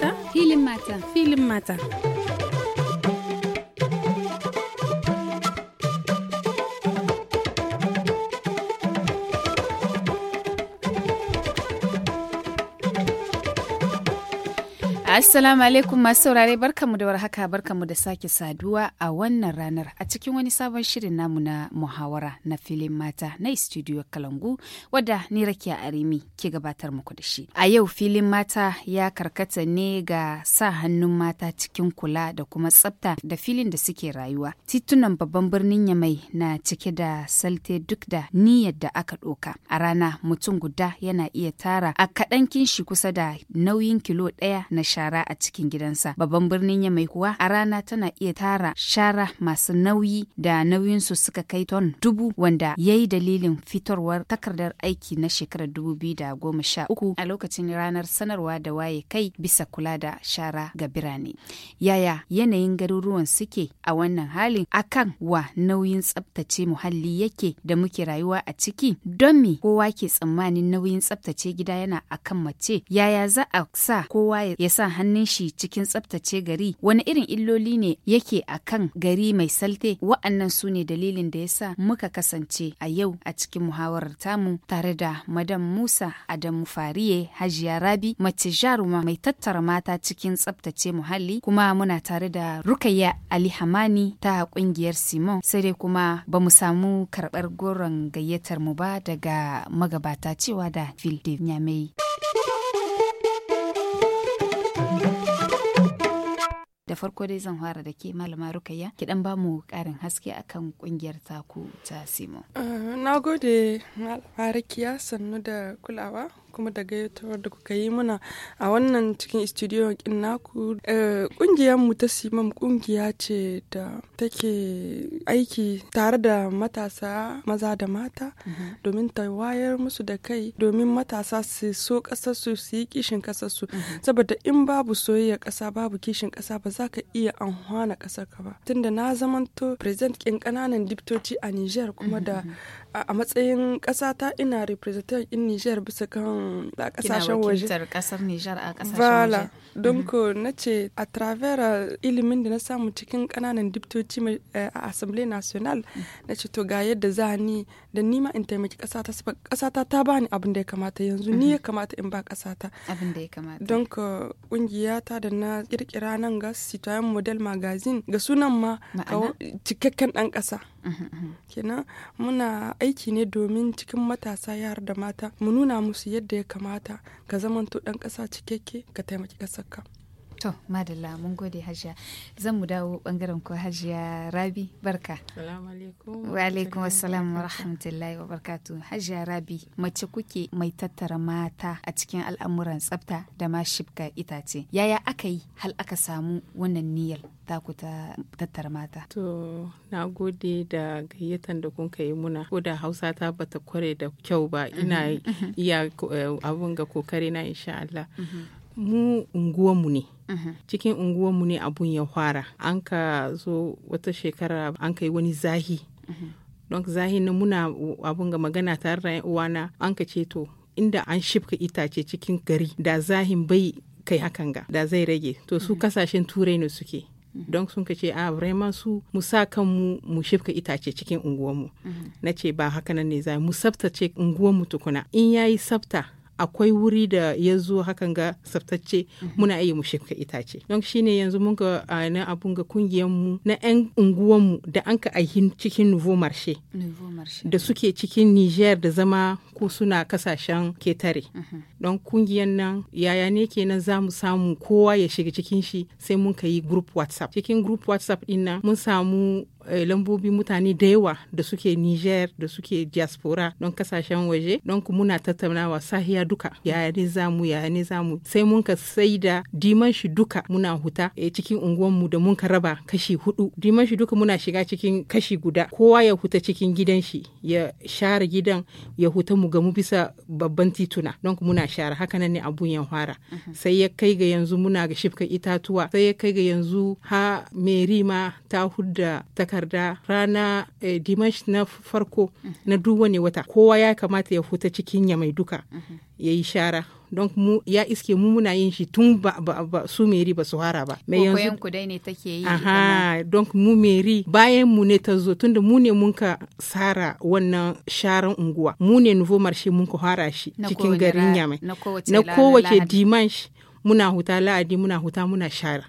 mata? Filin mata. Filin mata. Assalamu alaikum masu saurare barkamu da warhaka barkamu da sake saduwa a wannan ranar a cikin wani sabon shirin namu na muhawara na filin mata na studio Kalangu wadda ni Rakiya Arimi ke gabatar muku da shi. A yau filin mata ya karkata ne ga sa hannun mata cikin kula da kuma tsabta da filin da suke rayuwa. Titunan babban birnin Yamai na cike da salte duk da niyyar da aka ɗoka. A rana mutum guda yana iya tara a kaɗan kinshi kusa da nauyin kilo ɗaya na sha shara a cikin gidansa. Babban birnin Yamai kuwa a rana tana iya tara shara masu nauyi da nauyinsu suka kai ton dubu wanda ya yi dalilin fitarwar takardar aiki na shekarar dubu biyu da goma sha uku a lokacin ranar sanarwa da waye kai bisa kula da shara ga birane. Yaya yanayin garuruwan suke a wannan halin akan wa nauyin tsabtace muhalli yake da muke rayuwa a ciki don me kowa ke tsammanin nauyin tsabtace gida yana akan mace yaya za a sa kowa ya sa hannun shi cikin tsabtace gari wani irin illoli ne yake a kan gari mai salte wa'annan su ne dalilin da yasa muka kasance a yau a cikin muhawarar tamu tare da madam musa adamu fariye hajiya rabi mace jaruma mai tattara mata cikin tsabtace muhalli kuma muna tare da rukayya ali hamani ta kungiyar simon sai dai kuma ba mu samu karɓar goron gayyatar mu ba daga magabata cewa da fil nyamai. da farko dai zan fara da ke malama rukayya ki dan ba mu karin haske akan kungiyar taku ta simo eh, na gode malama sannu da kulawa kuma da gayyatawar da kuka yi mana a wannan cikin studio kin naku kungiyar eh, mu ta simam kungiya ce da take aiki tare da matasa maza da mata mhm. domin ta wayar musu da kai domin matasa su so kasar su yi kishin kasar mhm. saboda in babu soyayya kasa babu kishin kasa ba za ka iya anhwana kasar ka ba tunda na zamanto president kin kananan diptoci a Niger kuma mhm, da a matsayin ƙasata ta ina representant in Niger bisa kan a kasashen waje. Kina wakiltar ƙasar Niger a kasashen waje. Don mhm. ko na ce a travera uh, ilimin da na samu cikin kananan diptoci uh, a Assemblée National mhm. na ce to ga yadda za ni da nima in taimaki ƙasata ta bani abin da ya kamata yanzu ni ya mhm. kamata in ba ƙasata. Abin da ya kamata. Don ko ta da na ƙirƙira nan ga Citoyen Model Magazine ga sunan ma cikakken ɗan ƙasa. kenan muna aiki ne domin cikin matasa yara da mata mu nuna musu yadda ya kamata ka zamanto ɗan ƙasa cikakke ka taimaki ƙasarka. to madalla mun gode hajiya zan mu dawo bangaren ku hajiya rabi barka wa alaikum assalam wa rahmatullahi wa barkatu hajiya rabi mace kuke mai tattara mata a cikin al'amuran tsafta da ma shibka itace yaya aka yi hal aka samu wannan niyyar ku ta tattara mata to na gode da gayyatan da kun yi muna ko da hausa ta bata kware da kyau ba mhm, ina mhm. iya eh, abun ga kokari na insha Allah mhm. mu unguwanmu ne cikin unguwarmu ne abun ya fara an ka zo wata shekara an kai wani zahi don zahi na muna abun ga magana tare da uwana an ka ce to inda an shifka itace cikin gari da zahin bai kai hakan ga da zai rage to su kasashen turai ne suke don sun ka ce a vraiment su mu sa kanmu mu shifka itace cikin mu. na ce ba haka nan ne za mu tsaftace unguwanmu tukuna in yayi tsafta akwai wuri da ya zo hakan ga tsaftace mhm. muna iya mu shifka itace don shine yanzu mun ga na abun ga kungiyar mu na yan unguwan mu da an ka aihin cikin nouveau marché da suke cikin Niger da zama ko suna kasashen ketare mhm. don kungiyan nan yaya ne kenan za mu samu kowa ya shiga cikin shi sai mun ka yi group whatsapp cikin group whatsapp din nan mun samu Eh, lambobi mutane da yawa da suke niger da suke diaspora don kasashen waje don muna tattaunawa sahiya duka yaya ne mu yaya ne mu. sai mun ka sai da diman shi duka muna huta e, cikin mu da mun ka raba kashi hudu diman shi duka muna shiga cikin kashi guda kowa ya huta cikin gidan shi ya share gidan ya huta mu gamu bisa babban tituna don muna share haka nan ne abun ya fara mhm. sai ya kai ga yanzu muna ga shifka itatuwa sai ya kai ga yanzu ha meri ma ta hudda takar takarda rana eh, dimash na farko na duk wani wata kowa ya kamata ya huta cikin ya mai duka ya yi shara don mu ya iske mu muna yin shi tun ba, ba, ba su meri ba su hara ba mai yanzu ku dai ne take yi aha don mu meri bayan mu ne ta zo tunda mu ne mun ka sara wannan sharan unguwa mu ne nuvo marshe mun ka hara shi cikin garin yamai na kowace dimanche muna huta la'adi muna huta muna shara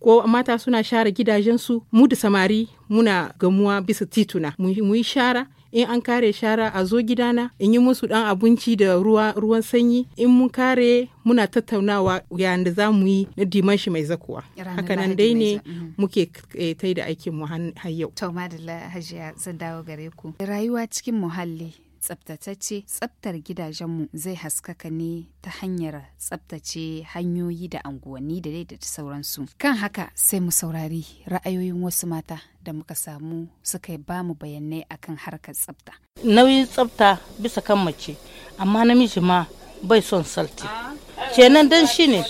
ko mata suna share gidajensu mu da samari muna gamuwa bisa tituna mu yi shara in an kare shara a zo gidana in yi musu dan abinci da ruwa ruwan sanyi in mun kare muna tattaunawa yayin da za mu yi na dimanshi mai zakuwa hakanan dai ne mhm. muke eh, ta da aikin mu har yau to madalla hajiya zan dawo gare ku rayuwa cikin muhalli tsabtatacce tsabtar gidajenmu zai haskaka ne ta hanyar tsabtace hanyoyi da anguwanni da dai da sauransu kan haka sai mu saurari ra'ayoyin wasu mata da muka samu suka ba mu bayanai akan harkar tsabta nauyin tsabta bisa kan mace amma namiji ma bai son salti kenan dan shi ne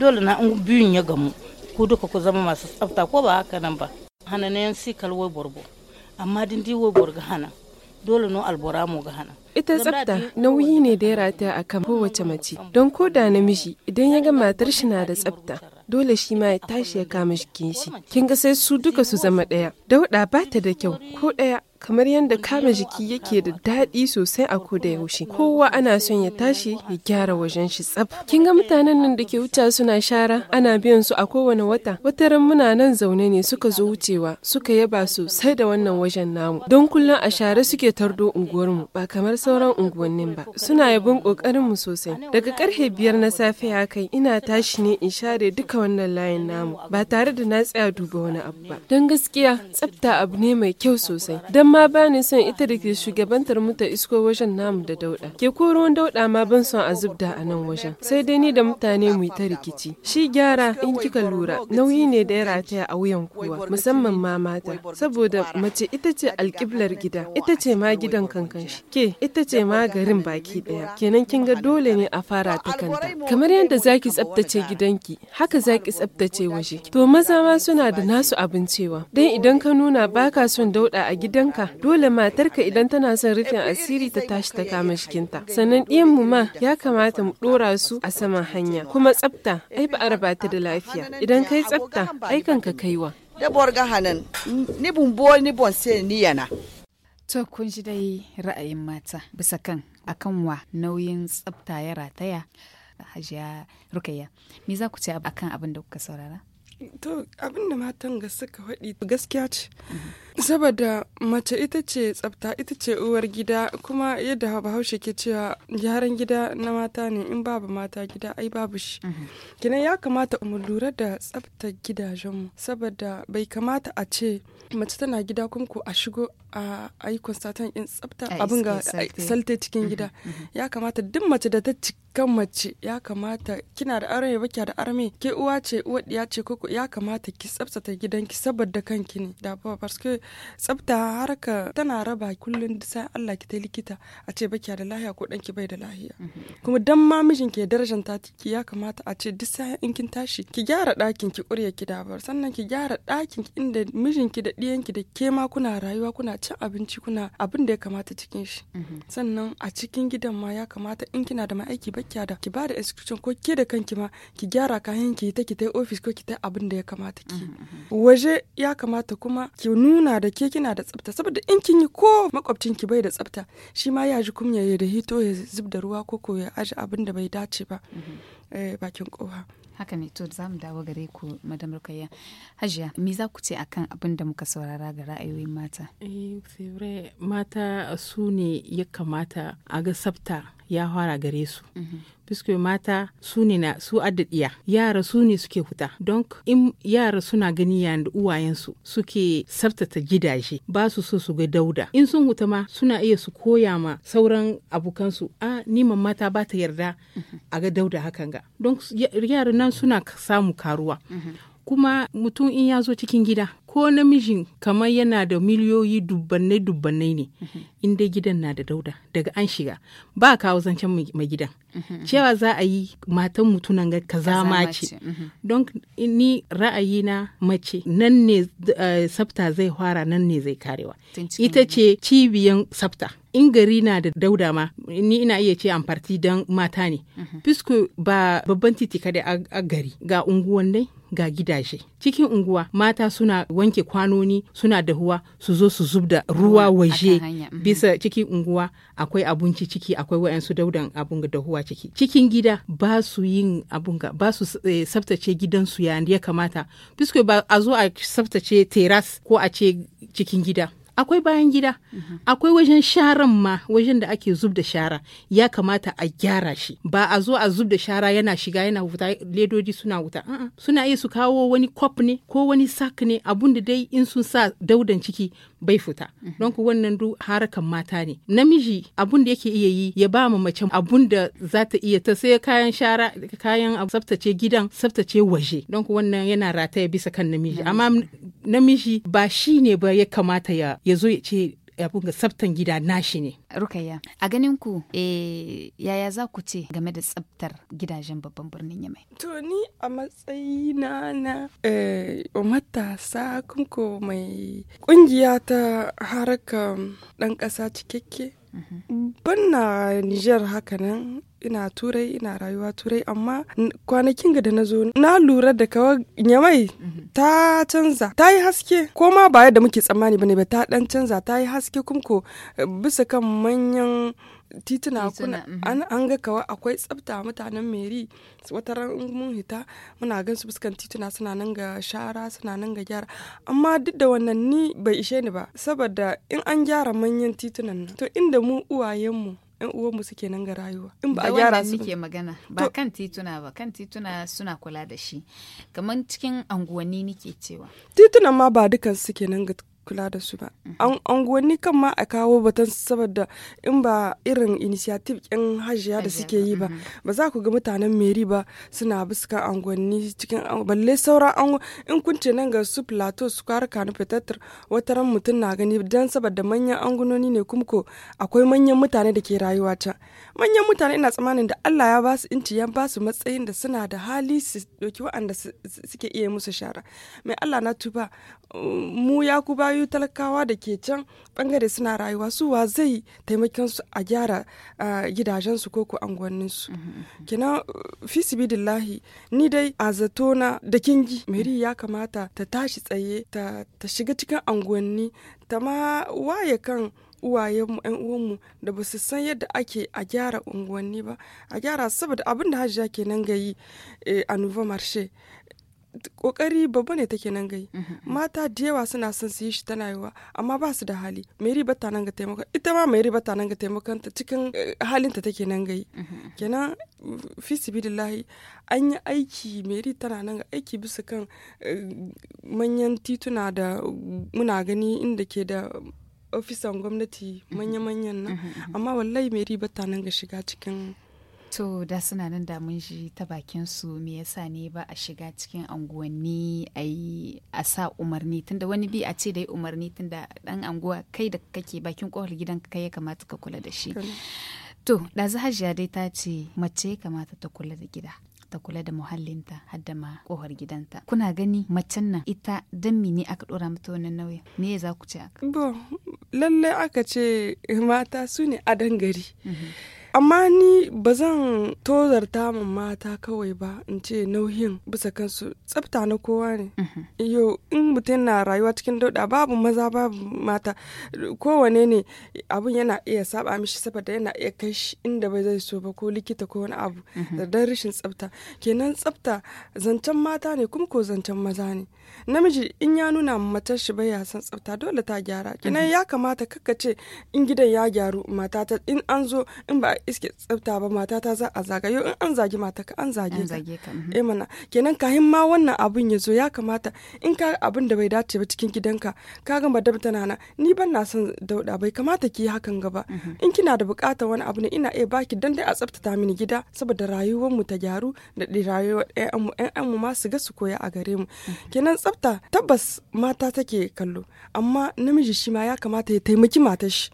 dole na biyun ya gamu ku duka ku zama masu tsafta ko ba haka nan ba hana 'yan sikal kalwai amma dindi wai borgo hana dole no albora mu ga hana ita tsafta nauyi ne da ya rataya a kan kowace mace don ko da namiji idan ya ga matar shi na da tsafta dole shi ma ya tashi ya kama jikin shi kin ga sai su duka su zama ɗaya dauɗa ba ta da kyau ko ɗaya kamar yadda kama jiki yake da daɗi sosai a koda yaushe kowa ana son ya tashi ya gyara wajen shi tsaf kin ga mutanen nan da ke wuta suna shara ana biyan su a kowane wata wataran muna nan zaune ne suka zo wucewa suka yaba sosai da wannan wajen namu don kullum a share suke tardo unguwarmu ba kamar sauran unguwannin ba suna yabon kokarin mu sosai daga karfe biyar na safe ya kai ina tashi ne in share duka wannan layin namu ba tare da na tsaya duba wani abu ba don gaskiya tsafta abu ne mai kyau sosai don amma ba ni son ita da ke shugabantar mu ta isko wajen namu da dauda ke ko ruwan dauda ma ban son a zubda a nan wajen sai dai ni da mutane mu ta rikici shi gyara in kika lura nauyi ne da ya rataya a wuyan kowa musamman ma mata saboda mace ita ce alkiblar gida ita ce ma gidan kankan shi ke ita ce ma garin baki daya kenan kin ga dole ne a fara ta kanta kamar yadda zaki tsaftace gidanki haka zaki tsaftace waje to maza ma suna da nasu abincewa dan idan ka nuna baka son dauda a gidanka haka dole matarka idan tana son rufin asiri ta tashi ta kama jikinta sannan ɗiyan mu ma ya kamata mu ɗora su a saman hanya kuma tsafta ai ba a raba ta da lafiya idan kai tsafta ai kanka kaiwa da To kun ji dai ra'ayin mata bisa kan akan wa nauyin tsafta ya rataya hajiya rukayya. Me za ku ce akan abin da kuka saurara? To abin da matan gaskiya ce. Mhm. saboda mace ita ce tsafta ita ce uwar gida kuma yadda bahaushe ke cewa gyaran gida na mata ne in babu mata gida ai babu shi mhm. kinan ya kamata mu lura da tsaftar gidajenmu saboda bai kamata a ce mace tana gida kuma ko a shigo a yi constatant in tsafta abin ga salte cikin mhm, gida mhm. ya kamata duk mace da ta kan mace ya kamata kina da arme ba da arme ke uwa ce uwa ya ce koko ya kamata ki tsabtata gidanki saboda kanki ne da ba tsafta harka tana raba kullum sai Allah ki ta likita a ce baki da lahiya ko danki bai da lahiya mhm. kuma dan ma mijin ke darajanta ki ya kamata a ce duk sai in kin tashi ki gyara ɗakin ki ƙurye ki dabar sannan ki gyara ɗakin inda mijin ki da ɗiyan ki da ke ma kuna rayuwa kuna cin abinci kuna abin da ya kamata cikin shi mhm. sannan a cikin gidan ma ya kamata in kina da ma'aiki baki da ki ba da excursion ko ke da kanki ma ki gyara kayan ki ta ki ta office ko ki ta abin da ya kamata ki mhm, waje ya kamata kuma ki nuna da ke kina da tsafta saboda in kin yi ko makwabcin ki bai da tsafta shi ma ya ji kunya ya da hito ya zub da ruwa ko ko ya aji abin da bai dace ba mhm. eh, bakin kowa haka ne to za dawo gare ku madam rukayya hajiya me za ku ce akan abin da muka saurara ga ra'ayoyin mata eh mata su ne ya kamata a ga tsafta ya fara gare su mhm. puisque mata su ne na su addadiya yara su ne suke huta don in yara suna gani yayin da uwayensu suke sabtata gidaje ba su so su ga dauda in sun huta ma suna iya su koya ma sauran abokansu a ni mata ba ta yarda mhm. a ga dauda hakan ga don yaran nan suna samu karuwa mhm. kuma mutum in ya zo cikin gida ko namijin kamar yana da miliyoyi dubbanai dubbanai ne mhm. in dai gidan na da dauda daga an shiga ba kawo zancen mai gidan mhm. cewa za a yi matan mutunan ga kaza mace mhm. don ni na mace nan ne eh, sabta zai fara nan ne zai karewa ita ce cibiyan sabta in gari na da dauda ma ni ina iya ce amfarti don mata ne fisko ba babban titi kada a gari ga unguwannai ga gidaje cikin unguwa mata suna wanke kwanoni suna dahuwa su zo su zub da ruwa waje mhm. bisa cikin unguwa akwai abinci ciki akwai wayansu daudan abun dahuwa ciki cikin gida ba su yin abun ba su eh, tsaftace gidansu ya kamata biskoi ba a zo a tsaftace teras ko a ce cikin gida akwai bayan gida akwai wajen sharan ma wajen da ake zub da shara ya kamata a gyara shi ba a zo a zub da shara yana shiga yana wuta ledoji suna wuta suna iya su kawo wani kwaf ne ko wani sak ne abun da dai in sun sa daudan ciki bai fita don ku wannan du harakan mata ne namiji abun da yake iya yi ya ba mu mace abun da za ta iya ta sai kayan shara kayan tsaftace gidan tsaftace waje don ku wannan yana rataya bisa kan namiji amma namiji ba shi ne ba ya kamata ya zo ya ce abun ga tsaftar gida nashi ne. Rukayya, a ganin ku eh, yaya za ku ce game da tsabtar gidajen babban birnin Yamai? To ni a matsayi na na eh, e, matasa kunko mai kungiya ta harkar ɗan ƙasa cikakke. Mm -hmm. Banna Nijar hakanan ina turai ina rayuwa turai amma kwanakin ga da na zo na lura da kawa nyamai mhm. ta canza ta yi haske ko ma ba yadda muke tsammani bane ba ta dan canza ta yi haske kumko eh, bisa kan manyan tituna kuna mhm. an ga kawa akwai tsafta mutanen meri wata ran mun hita muna gan su fuskan tituna suna nan ga shara suna nan ga gyara amma duk da wannan ni bai ishe ni ba saboda in an gyara manyan titunan nan to inda mu uwayenmu yan uwanmu suke nan ga rayuwa in ba a gyara su magana ba kan tituna ba kan tituna suna kula da shi kamar cikin anguwanni nike cewa titunan ma ba dukan suke nan ga kula da su ba mhm. gwani kan ma a kawo batun saboda in ba irin initiative yan hajiya da suke yi ba mhm. ba za ku ga mutanen meri ba suna buskan unguwanni cikin balle sauran an in kun ce nan ga su plateau su kwara kanu fitattar wata ran mutum na gani don saboda manyan angunoni ne kuma ko akwai manyan mutane da ke rayuwa can manyan mutane ina tsammanin da Allah ya ba su inci ya ba su matsayin da suna da hali su doki waɗanda suke iya musu shara mai Allah na tuba mu ya ku bayu ra'ayoyi talakawa da ke can bangare suna rayuwa su wa zai taimakon su a gyara gidajensu ko ko anguwanninsu mm-hmm, mm-hmm. kina fisibidillahi ni dai a zato na da kingi meri ya kamata ta tashi tsaye ta shiga cikin anguwanni ta ma waye kan uwayenmu yan uwanmu da ba su san yadda ake a gyara unguwanni ba a gyara saboda abin da hajiya kenan ga yi eh, a nuva marshe kokari babba ne take nan gai mhm, mhm. mata da yawa suna son su yi shi tana yiwa amma ba su da hali riba ta nan ga taimakon ita ma riba ta nan ga taimakon ta cikin eh, halin ta take nan gai mhm, kenan fi sibidillahi an yi aiki mary tana nan ga aiki bisa kan eh, manyan tituna da muna gani inda ke da ofisan gwamnati manya-manyan nan amma wallahi riba ta nan ga shiga cikin To da suna nan da mun shi ta bakin su me yasa ne ba a shiga cikin anguwanni a yi a sa umarni tunda wani bi a ce da yi umarni tunda dan anguwa kai da kake bakin kohar gidan kai ya kamata ka kula da shi. To da hajiya dai ta ce mace ya kamata ta kula da gida. ta kula da muhallinta har ma kohar gidanta kuna gani macen nan ita dan ne aka dora mata wannan nauyin me za ku ce aka bo lallai aka ce mata su ne a dangare mm -hmm. amma ni ba zan tozarta min mata kawai ba in ce nauyin bisa kansu tsafta na kowa ne mhm. yau in mutum na rayuwa cikin dauda babu maza babu mata kowane ne abun yana iya saba mishi saboda yana iya kai shi inda bai zai so ba ko likita ko wani abu mhm. da dan rashin tsafta kenan tsafta zancen mata ne kuma ko zancen maza ne namiji in ya nuna matar shi bai san tsafta dole ta gyara kenan mhm. ya kamata kaka ce in gidan ya gyaru mata ta in an zo in ba iske tsafta ba mata ta za a yau in an zagi mata ka an zage ka mhm. eh mana kenan kahin ma wannan abun ya zo ya kamata in ka abun da bai dace ba cikin gidanka ka ga madam tana na ni ban na son dauda bai kamata ki hakan gaba mhm. in kina da bukatar wani abu ne ina iya baki dan dai a tsaftata mini gida saboda rayuwar mu ta gyaru da rayuwar ɗayan mu ɗayan mu ma su ga su koya a gare mu mhm. kenan tsafta tabbas mata take kallo amma namiji shi ma ya kamata ya taimaki matar shi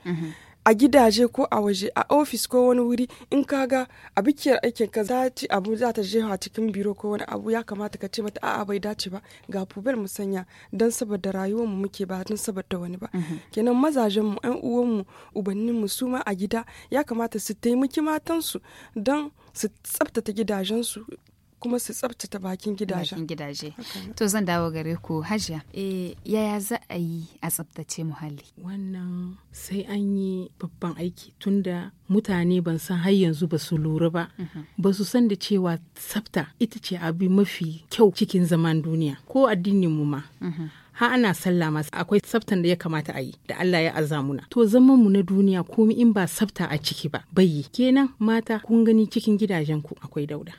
a gidaje ko a waje a ofis ko wani wuri in ka ga a bikiyar aikin ka za ci abu za ta a cikin biro ko wani abu ya kamata ka ce mata a'a bai dace ba ga pubel mu sanya dan saboda rayuwar mu muke ba dan saboda wani ba mhm. kenan mazajen mu ɗan uwan mu ubannin mu su ma a gida ya kamata su taimaki matan su dan su tsabtata gidajen su kuma su tsabtata bakin gidaje bakin gidaje to zan dawo gare ku hajiya eh yaya za a yi a tsabtace muhalli wannan sai an yi babban aiki tunda mutane ban san har yanzu ba su lura ba mhm. ba su san da cewa tsabta ita ce abu mafi kyau cikin zaman duniya ko addinin mu ma mhm. ha ana sallah masu akwai tsaftan da ya kamata a yi da Allah ya azamuna to zaman mu na duniya komi in ba tsafta a ciki ba bayi. kenan mata kun gani cikin gidajen ku akwai dauda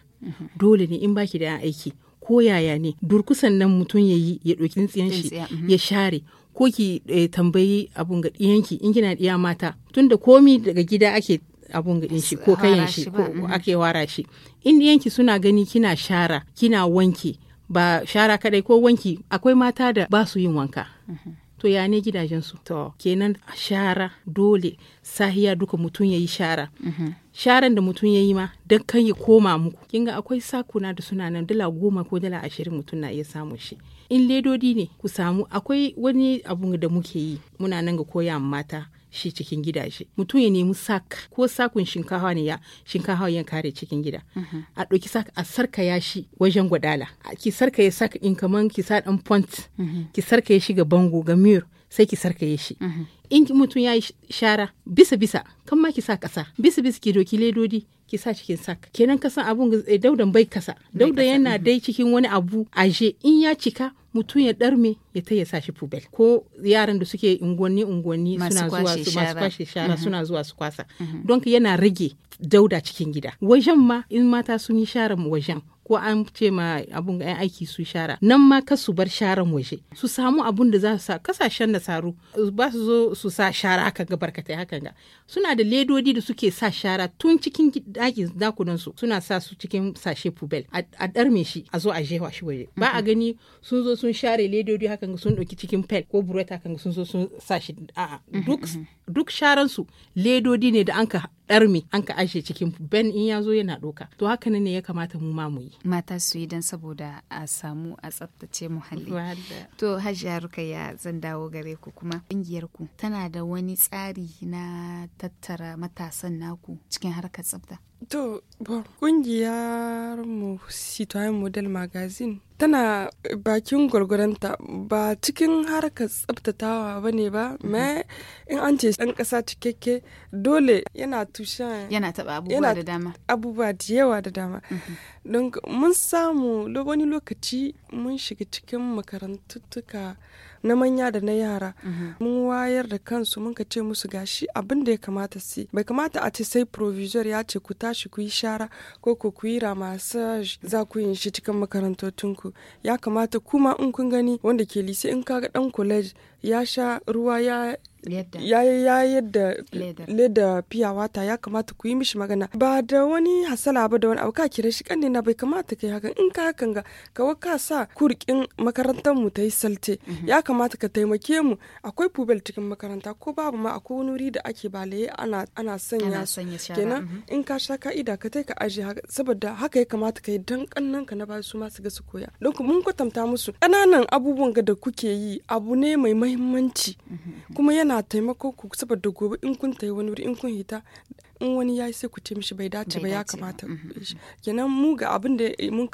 dole ne in baki da aiki ko yaya ne durkusan nan mutum ya yi ya ɗauki tsintsiyan shi mhm. ya share ko ki eh, tambayi abun ga ɗiyanki in kina ɗiya mata tunda komi daga gida ake abun gaɗin shi ko kayan shi ko mhm. ake wara shi in ɗiyanki suna gani kina shara kina wanki ba shara kadai ko wanki akwai mata da ba su yin wanka. Mhm. to ya ne su to kenan shara dole sahiya duka mutum ya yi shara mhm. sharan da mutum ya yi ma don kan ya koma muku kin ga akwai sakuna da suna nan dala goma ko dala ashirin mutum na iya samun shi in ledodi ne ku samu akwai wani abu da muke yi muna nan ga koya mata shi cikin shi mutum ya nemi sak ko sakun shinkafa ne ya shinkafa yan kare cikin gida mhm. a ɗauki sak a sarka ya shi wajen gwadala ki sarka ya sak ɗin kaman ki sa ɗan pont mhm. ki sarka shi ga bango ga mur sai ki sarka ya shi mhm. in mutum ya yi shara bisa bisa kan ma ki sa kasa bisa bisa ki doki ledodi ki sa cikin sak kenan kasan abun eh, daudan bai kasa dauda yana dai cikin wani abu aje in ya cika mutum ya ɗarme ya ta ya sa shi pubel ko yaran da suke unguwanni unguwanni suna zuwa su masu kwashe shara mhm. suna zuwa su kwasa mhm. don yana rage dauda cikin gida wajen ma in mata sun yi sharan wajen ko an ce ma abun yan aiki su shara nan ma ka su bar sharan waje su samu abun da za su sa kasashen da saru ba su zo su sa shara haka ga barkatai hakan ga suna da ledodi da suke sa shara tun cikin dakin dakunan su suna sa su cikin sashe pubel a darme shi a zo a jewa shi waje ba a mhm. gani sun zo sun share ledodi hakan sun dauki cikin pel ko buret hakan sun zo sun sa shi a'a mhm, mhm. duk sharan su ledodi ne da an ɗarmi an ka ashe cikin ben in ya zo yana ɗoka to haka ne ya kamata mu ma mu yi mata su yi don saboda a samu a tsaftace muhalli to hajiya ya zan dawo gare ku kuma ƙungiyar ku tana da wani tsari na tattara matasan naku cikin harkar tsafta to bon ƙungiyar mu citoyen model magazine tana bakin gwargwaranta ba cikin harkar tsabtatawa ba ne ba ma in an ce ɗan ƙasa cikakke dole yana tushen yana taɓa abubuwa da dama abubuwa da yawa da dama mhm. don mun samu wani lokaci mun shiga cikin makarantuttuka na manya da na yara mhm. mun wayar da kansu mun ka ce musu gashi abin da ya kamata su bai kamata a ce sai provisor ya ce ku tashi ku yi shara ko ku ku yi za ku yin shi cikin makarantotinku ya kamata kuma in kun gani wanda ke lise in kaga dan college ya sha ruwa ya ya yadda leda fiya wata ya kamata ku yi mishi magana ba da wani hasala ba da wani abu ka kira shi kan na bai kamata kai haka in ka hakan ga wa ka sa kurkin makarantar mu ta yi salte mhm. ya kamata ka taimake mu akwai pubel cikin makaranta ko babu ma akwai wani wuri da ake balaye ana ana sanya kenan mhm. in ka sha ka'ida ka tai ka aje saboda haka ya kamata kai dan kannan ka na ba su ma su ga su koya don mun kwatanta musu ƙananan abubuwan ga da kuke yi abu ne mai mahimmanci kuma yana taimako ku saboda gobe in kun tayi wani wuri in kun hita in wani ya yi sai ku ce mishi bai dace ba ya kamata mm-hmm. kenan mu ga abin da mun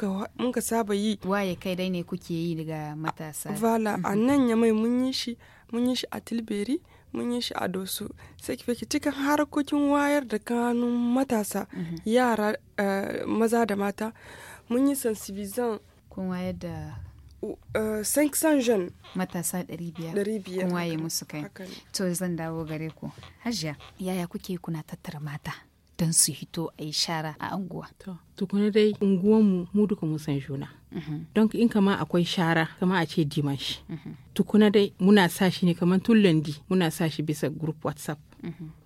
ka saba yi waye kai dai ne kuke yi daga matasa vala a mm-hmm. nan ya mai mun yi shi mun yi shi a tilberi mun yi shi a dosu sai ki fake cikin harkokin wayar da kanun matasa mm-hmm. yara eh, maza da mata mun yi sansibizan kun wayar da Uh, 500 jeunes matasa 500 kun waye musu kai to zan dawo gare ku hajiya yaya kuke kuna tattara mata don su hito a yi shara a anguwa tukuna dai unguwanmu mu duka mun san juna mhm. don in kama akwai shara kama a ce dimashi mhm. tukuna dai muna sashi ne kamar tun landi muna sa shi bisa group whatsapp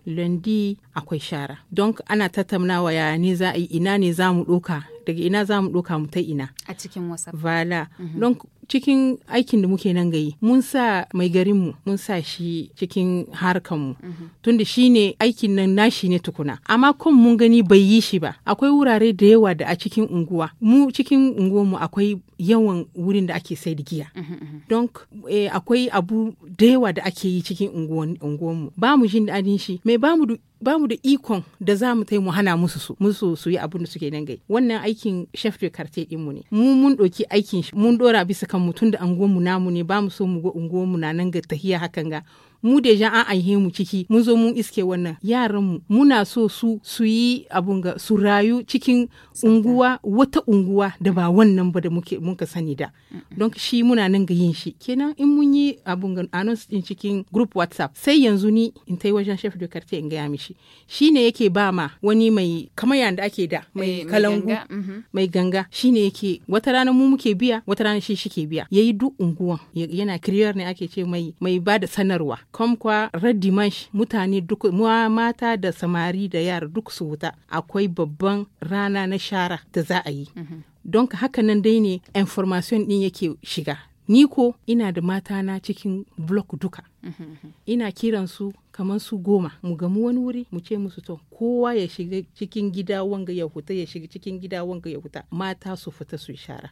lundi akwai shara don ana tattaunawa ya ne za a yi ina ne za mu ɗoka daga ina za mu ɗoka mu ta ina a cikin wasa vala mhm. don cikin aikin da muke nan gayi mun sa mai garinmu mun sa shi cikin harkanmu mhm. tunda shine aikin nan nashi ne tukuna amma kun mun gani bai yi shi ba akwai wurare da yawa da a cikin unguwa mu cikin mu akwai yawan wurin da ake sai da giya mhm, mhm. don eh, akwai abu da yawa da ake yi cikin mu ba mu jin daɗin shi mai ba mu ba mu da ikon da za mu tai mu hana musu su musu su yi abin da suke nan gai wannan aikin chef de quartier din mu ne mu mun doki aikin mun dora bisa kan mutum da anguwan mu namu ne ba mu so mu ga unguwarmu mu na nan ga tahiya hakan ga mu da an aihe mu ciki mun zo mun iske wannan yaran mu muna so su su yi abun ga su rayu cikin unguwa wata unguwa da ba wannan ba da muke muka sani da don shi muna nan ga yin shi kenan in mun yi abun ga anons din cikin group whatsapp sai yanzu ni in tai wajen chef de quartier in gaya mishi shine yake ba ma wani mai kamar yanda ake da eh, mai kalangu mm-hmm. mai ganga shine yake wata rana mu muke biya wata rana shi shike biya yayi duk unguwan yana kiriyar ne ake ce mai mai ba da sanarwa komkwa radimash mutane duk mata da samari da yara duk su wuta akwai babban rana na shara da za a yi mhm. don haka nan dai ne information din yake shiga ni ko ina da mata na cikin block duka mhm, mhm. ina kiran su kamar su goma mu gamu wani wuri mu ce musu to kowa ya shiga cikin gida wanga ya huta ya shiga cikin gida wanga ya huta mata su fita su shara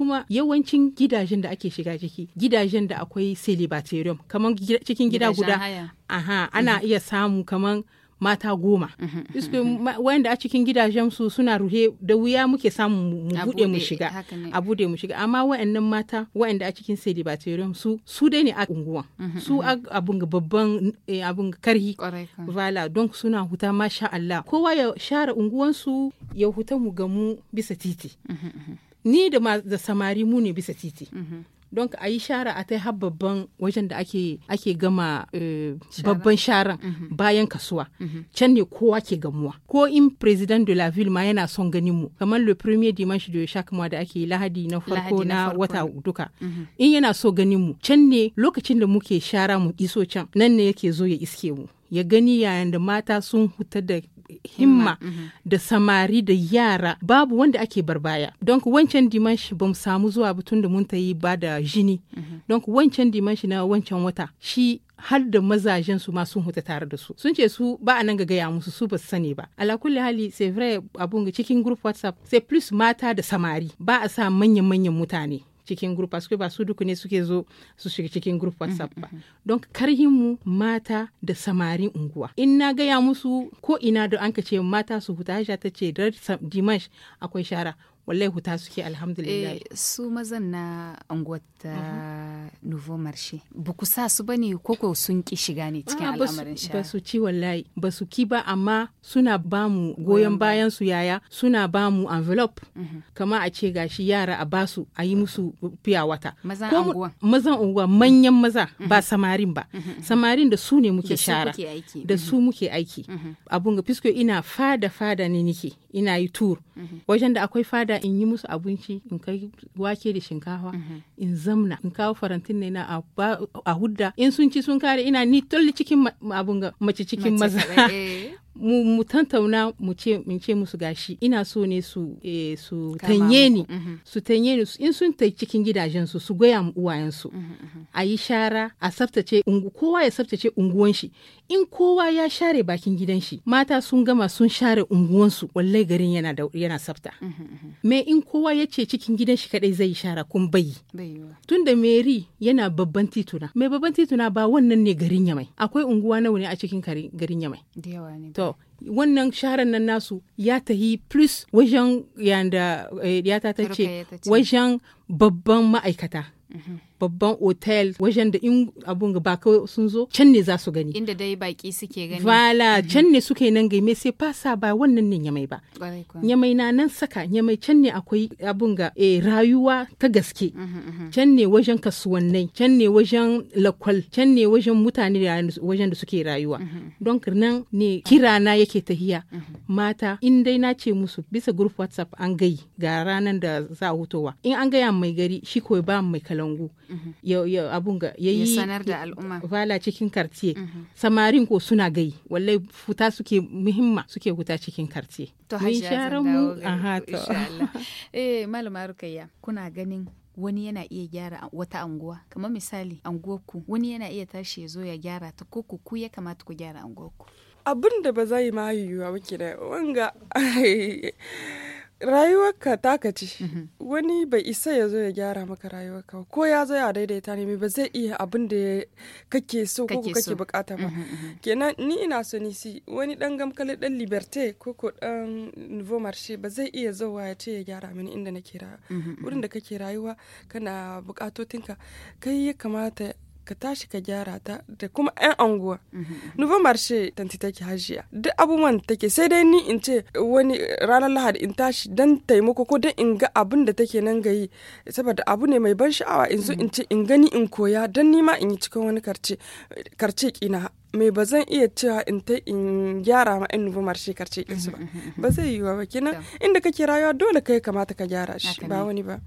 kuma yawancin gidajen da ake shiga ciki gidajen da akwai celibatorium kamar cikin gida guda aha ana mhm. iya samu kamar mata goma mm -hmm, mhm. wanda a cikin gidajen su suna ruhe da wuya muke samun mu bude mu shiga a bude mu shiga amma wayannan mata wayanda a cikin celibatorium su su dai ne a unguwan mhm, su abun babban eh, abun karhi vala don suna huta masha Allah kowa ya share unguwan su ya huta mu gamu bisa titi ni da da samari mu ne bisa titi mhm. don ka a yi shara a ta yi babban wajen da ake, gama eh, babban sharan mhm. bayan kasuwa mhm. can ne kowa ke gamuwa ko in president de la ville ma yana son ganin mu kamar le premier dimanche de chaque da ake lahadi na farko na wata duka in yana so ganin mu can ne lokacin da muke shara mu iso can nan ne yake zo ya iske mu ya gani yayin da mata sun huta da himma mhm. da samari da yara babu wanda ake bar baya. don wancan dimanshi ba mu samu zuwa tun da mun ta yi ba da jini mhm. wancan dimanshi na wancan wata shi har da mazajen su ma sun huta tare da su sun ce su ba a nan ga gaya musu su ba su sani ba ala kulli hali c'est vrai abun cikin group whatsapp c'est plus mata da samari ba a sa manyan manyan mutane cikin group suke ba su duku ne suke zo su shiga cikin group mm-hmm, whatsapp ba mm-hmm. don karhin mu mata da samarin unguwa in na gaya musu ko ina da an ka ce mata su huta ta ce dimash akwai shara wallahi huta suke alhamdulillah e, su mazan na anguwar ta mhm. nouveau marché ba ku sa su bane ko ko sun ki shiga ne cikin al'amarin sha ba su ci wallahi ba su ki ba amma suna ba mu goyon bayan su yaya suna ba mu envelope mhm. kama a ce gashi yara a ba su a yi mhm. musu fiya wata mazan unguwa mazan manyan maza ba samarin ba samarin da su ne muke shara da su muke aiki abun ga fisko ina fada fada ne nike ina yi tour wajen da akwai fada da in yi musu abinci in kai wake da shinkafa mhm. in zamna in kawo farantin ne na a hudda in sun ci sun kare ina ni tolli cikin abun ga mace cikin maza eh. mu mu tantauna mu ce min ce musu gashi ina so ne su e, su tanye ni su tanye ni in sun ta cikin gidajen su su goya mu uwayen su mhm, a yi shara a tsaftace ungu kowa ya tsaftace unguwan shi in kowa ya share bakin gidan shi mata sun gama sun share unguwansu wallai garin yana da yana tsafta mhm, mhm. me in kowa ya ce cikin gidan shi kadai zai share kun bayi tunda meri yana babban tituna mai babban tituna ba wannan ne garin yamai akwai unguwa nawa ne a cikin garin yamai to wannan sharan nan nasu ya tahi plus wajen yanda eh, ya ta ce wajen babban ma'aikata mhm. babban otel wajen da in abun ba kawai sun zo can ne za su gani inda dai baki suke gani vala mhm. can ne suke nan me sai fasa ba wannan ne yamai ba yamai na nan saka yamai can ne akwai abun ga e, rayuwa ta gaske mhm, mhm. can ne wajen kasuwannai can ne wajen lakwal can ne wajen mutane da wajen da suke rayuwa don nan ne Kira na yake tahiya mata in dai na ce musu bisa group whatsapp an gai ga ranan da za a hutowa in an gaya mai gari shi koyi ba mai kalangu ya abun ga ya yi sanar da al'umma vala cikin kartiye mhm. samarin ko suna gai wallai futa suke muhimma suke huta cikin kartiye to hajjia eh malama kuna ganin wani yana iya gyara wata anguwa kamar misali anguwarku wani yana iya tashi ya zo ya gyara ta ko ku ya kamata ku gyara anguwarku abin da ba za yi ma yiwuwa da wanga rayuwarka taka ce mhm. wani bai isa ya zo ya gyara maka rayuwarka ko ya zo ya daidaita ne ba zai iya abin da kake so ko kake bukata ba mhm, mhm. kenan ni ina so ni si wani dan gamkali dan liberté ko ko dan nouveau marché ba zai iya zowa ya ce ya gyara mini inda nake rayuwa wurin da kake rayuwa kana bukatotinka kai ya kamata ka tashi ka gyara ta da kuma 'yan anguwa mm-hmm. nufa marshe tanti take hajiya duk abubuwan take sai dai ni in ce wani ranar lahadi in tashi dan taimako ko don in ga abin da take nan gayi saboda abu ne mai ban sha'awa in zo in ce in gani in koya dan ni ma in yi cikin wani karce karce kina me ba zan iya cewa in ta in gyara ma in nufa marshe karce kinsu mm-hmm. ba ba zai yi wa ba kenan inda kake rayuwa dole kai kamata ka gyara shi ba wani ba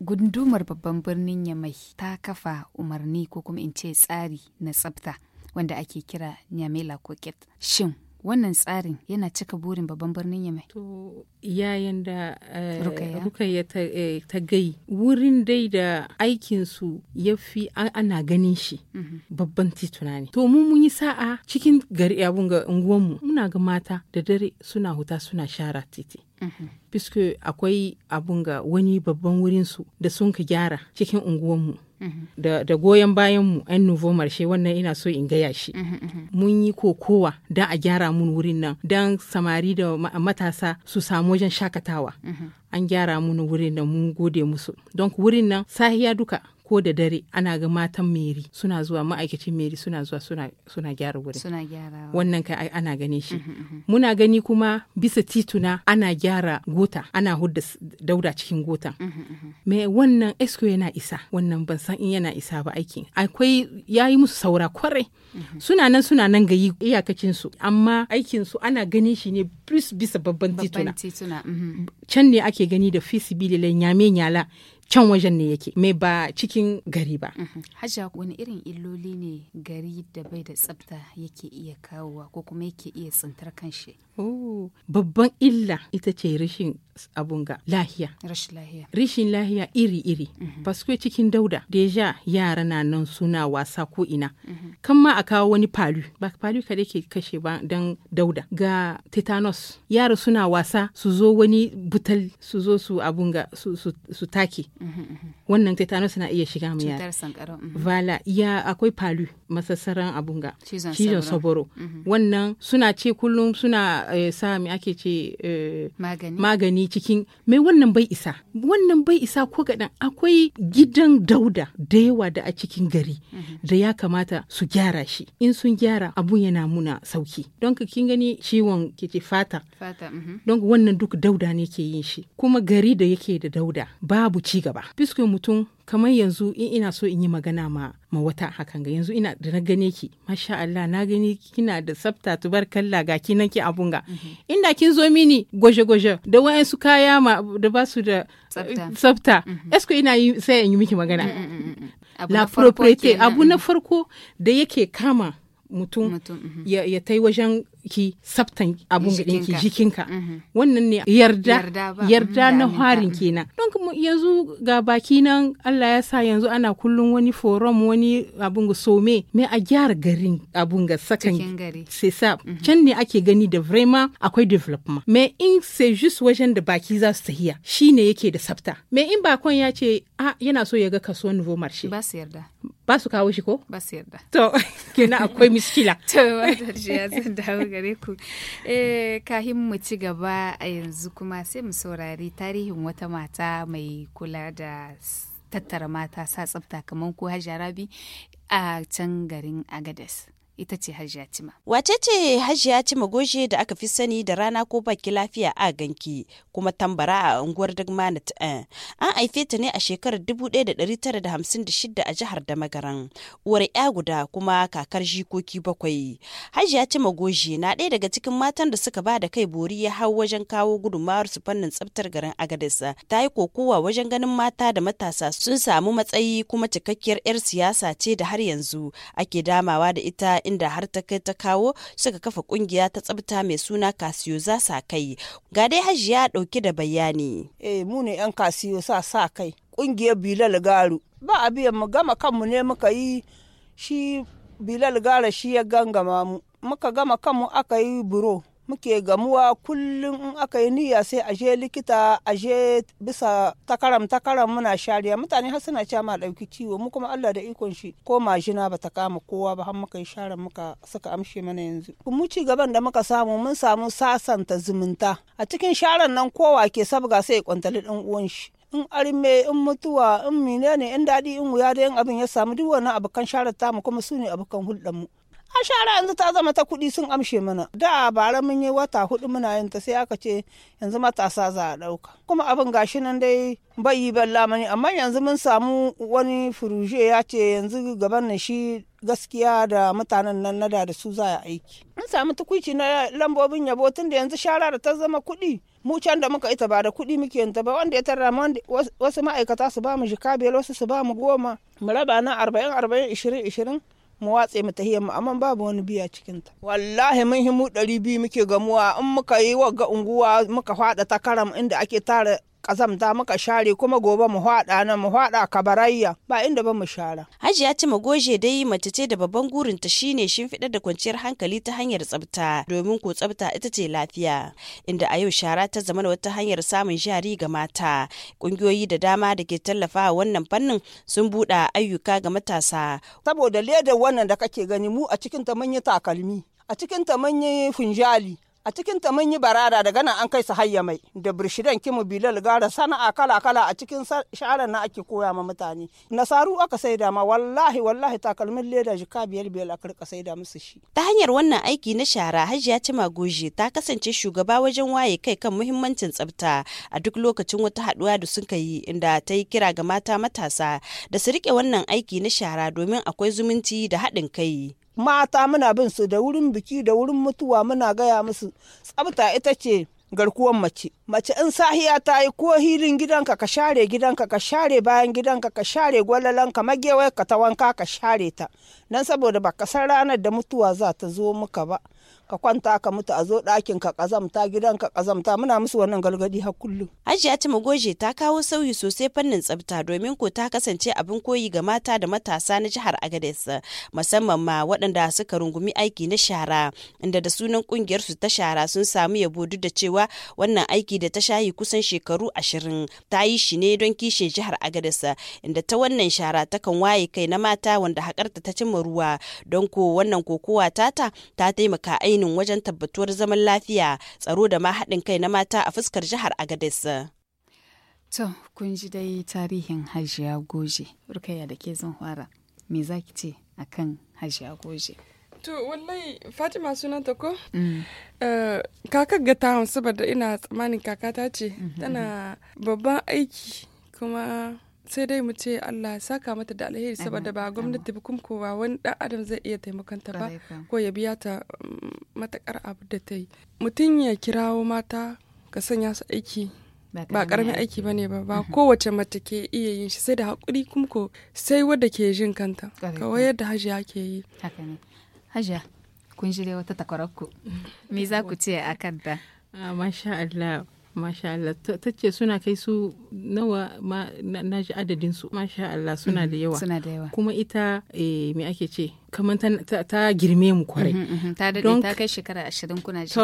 gundumar babban birnin yamai ta kafa umarni ko kuma in ce tsari na tsafta wanda ake kira nyamela koket shin wannan tsarin yana cika burin babban birnin yamai to yayin da rukaiya ta gai wurin dai da aikinsu ya fi ana ganin shi mhm. babban tituna ne to mu mun yi sa'a cikin gari abun ga unguwanmu muna ga mata da dare suna huta suna shara titi Fiske akwai abun ga wani babban wurin su da sun ka gyara cikin unguwanmu. Da, da goyon bayanmu 'yan Nouveau marshe wannan ina so in gaya shi. Mun yi kokowa don a gyara mun wurin nan don samari da matasa su samu wajen shakatawa. An gyara mun wurin nan mun gode musu. Don wurin nan sahiya duka ko da dare ana ga matan meri suna zuwa ma'aikacin meri suna zuwa suna, gyara wurin suna gyara wannan kai ana gani shi mhm, mhm. muna gani kuma bisa tituna ana gyara gota ana hudda dauda cikin gota. Mhm, me wannan esko yana isa wannan ban san in yana isa ba aikin akwai yayi musu saura kwarai suna nan suna nan ga iyakacin su amma aikin su ana gani shi ne bisa babban tituna can ne ake gani da fisibililan yame nyala can wajen ne yake mai ba cikin gari ba. Mhm. Hajja wani irin illoli ne gari da bai da tsafta yake iya kawowa ko kuma yake iya tsintar kan shi. Oh. Babban illa ita ce rashin abun ga lahiya. Rashin lahiya. Rashin lahiya iri-iri. Mm cikin dauda, deja yara na nan suna wasa ko ina. Mhm. Kan ma a kawo wani palu, ba palu kada ke kashe ba don dauda. Ga tetanus, yara suna wasa su zo wani butal su zo su abun ga su, take. Mhm, mhm. Wannan tetanus na iya shiga mu yara. Cutar Vala, ya akwai palu masassaran abun ga. Cizon saboro. Wannan suna ce kullum suna Eh, sa me ake ce eh, magani cikin mai wannan bai isa wannan bai isa ko gaɗan akwai gidan dauda da yawa da a cikin gari mhm. da ya kamata su gyara shi in sun gyara abun yana muna sauki don ka kin gani ciwon ke ce fata mhm. don wannan duk dauda ne ke yin shi kuma gari da yake da dauda babu ci gaba mutum kamar yanzu in ina so in yi magana ma ma wata hakan ga yanzu ina da na gane ki masha Allah na gani kina da sabta kalla ga ki nan ki abun ga mhm. inda kin zo mini goje goje da wayansu kaya ma da ba su da eh, sabta mhm. esko ina yi sai in yi miki magana mm, mm, mm, la propriété abu na farko da yake kama mutum mhm. ya tai wajen ki sabtan abun ki jikinka mhm. wannan ne yarda yarda mhm. na harin kenan don kuma yanzu ga baki nan Allah ya sa yanzu ana kullum wani forum wani abun ga some me a gyara garin abun ga sakan sai sa mhm. can ne ake gani da vrema akwai development me in sai just wajen da baki za su tahiya shine yake da sabta me in bakon ya ce a yana so ya ga kaso nouveau marché ba su yarda ba su kawo shi ko ba su yarda to kenan akwai miskila to wata ya zan dawo gare ku eh kahin mu ci gaba a yanzu kuma sai mu saurari tarihin wata mata mai kula da tattara mata sa tsafta kamar ko hajjarabi a can garin agadas. ita ce Hajiya Tima. Wace ce Hajiya Tima goje da aka fi sani da rana ko baki lafiya a ganki kuma tambara a unguwar Dagmana eh? An haife ta ne a shekarar 1956 a jihar Damagaran. Uwar ya guda kuma kakar jikoki bakwai. Hajiya Tima goje na ɗaya daga cikin matan da suka ba da kai bori ya hau wajen kawo gudunmawar su fannin tsaftar garin Agadez. Ta yi kokowa wajen ganin mata da matasa sun samu matsayi kuma cikakkiyar 'yar siyasa ce da har yanzu ake damawa da ita inda har ta kai ta kawo suka kafa kungiya ta tsabta mai suna kasiyo za sa kai ga dai hajiya dauki da bayani eh mu ne yan kasiyo sa sa kai kungiyar bilal garu ba a biyan mu gama kanmu ne muka yi shi bilal gara shi ya gangama mu muka gama kanmu aka yi buro muke gamuwa kullum in aka yi niyya sai a je likita a je bisa takaram takaram muna shariya mutane har suna cewa ma dauki ciwo mu kuma Allah da ikon shi ko majina ba ta kama kowa ba har muka yi share muka suka amshe mana yanzu mu ci gaban da muka samu mun samu sasanta zumunta a cikin sharan nan kowa ke sabga sai kwantali dan uwan shi in arme in mutuwa in menene in daɗi in wuya da yin abin ya samu duk wani abokan sharar tamu kuma su ne abokan hulɗar mu a shara yanzu ta zama ta kuɗi sun amshe mana da bara mun yi wata hudu muna yin ta sai aka ce yanzu matasa za a ɗauka kuma abin gashi nan dai bai yi balla mani amma yanzu mun samu wani furuje ya ce yanzu gaban na shi gaskiya da mutanen nan na da su za a aiki mun samu tukuici na lambobin yabo tun da yanzu shara da ta zama kuɗi mu can da muka ita ba da kuɗi muke yin ta ba wanda ya mu wasu ma'aikata su ba mu jika wasu su ba mu goma mu raba na arba'in arba'in ishirin ishirin mu watse mu tahiyar mu amma babu wani biya cikin ta wallahi mun himu ɗari biyu muke gamuwa in muka yi wagga unguwa muka faɗa ta karam inda ake tara kazamta muka share kuma gobe mu haɗa nan mu haɗa kabarayya ba inda ba mu shara. Hajiya ta magoje dai mace ce da babban ta shine shimfiɗar da kwanciyar hankali ta hanyar tsafta domin ko tsafta ita ce lafiya inda a yau shara ta zama wata hanyar samun jari ga mata. Ƙungiyoyi da dama da ke tallafa wannan fannin sun buɗa ayyuka ga matasa. Saboda ledar wannan da kake gani mu a cikin ta manyan takalmi. a cikin ta manyan funjali a cikin ta mun yi barada daga nan an kai su hayya mai da birshidan kimu bilal gara sana'a kala kala a cikin sharan na ake koya ma mutane nasaru aka sai ma wallahi wallahi takalmin leda jika biyar biyar aka rika saida musu shi ta hanyar wannan aiki na shara hajiya cima goje ta kasance shugaba wajen waye kai kan muhimmancin tsabta a duk lokacin wata haduwa da suka yi inda ta yi kira ga mata matasa da su rike wannan aiki na shara domin akwai zumunci da haɗin kai mata muna bin su da wurin biki da wurin mutuwa muna gaya musu tsabta ita ce garkuwan mace mace in sahiya ta yi ko hilin gidanka ka share gidanka ka share bayan gidanka ka share ka magewai ka ta wanka ka share ta nan saboda baka san ranar da mutuwa za ta zo muka ba ka kwanta ka mutu a zo ɗakin ka ƙazamta gidan ka ƙazamta muna musu wannan galgadi har kullum. Hajiya ta magoje ta kawo sauyi sosai fannin tsafta domin ko ta kasance abin koyi ga mata da matasa na jihar Agadez musamman ma waɗanda suka rungumi aiki na shara inda da sunan ƙungiyar su ta shara sun samu yabo duk da cewa wannan aiki da ta shayi kusan shekaru ashirin ta yi shi ne don kishin jihar Agadez inda ta wannan shara takan waye kai na mata wanda haƙarta ta cimma ruwa don ko wannan kokowa tata ta taimaka ainihin ainin wajen tabbatuwar zaman lafiya tsaro da ma haɗin kai na mata a fuskar jihar Agadez. To, kun ji dai tarihin Hajiya Goje, Rukaya da ke zan fara. Me za ki ce akan Hajiya Goje? To, wallahi Fatima sunanta ko? Mm. Eh, kakar ga ta da ina tsammanin kakata ce, mhm, tana mhm. babban aiki kuma sai dai mu ce Allah ya saka mata da alheri saboda ba gwamnati ba kuma kowa wani dan adam zai iya taimakanta ba ko ya biya ta mm, matakar abu da ta yi mutum ya kirawo mata ka sanya su aiki ba karamin aiki bane ba ba kowace mace ke iya yin shi sai da hakuri kuma ko sai wadda ke jin kanta kawai yadda hajiya ke yi haka ne hajiya kun shirya wata takwarar ku. me za ku ce a kanta ah, masha Allah Masha Allah ta ce suna kai su nawa na ji adadin su Masha Allah suna mhm. da yawa. Suna da yawa. Kuma ita eh, me ake ce kamar ta girme mu kwarai mhm, mhm. ta daɗe ta kai shekara ashirin kuna shi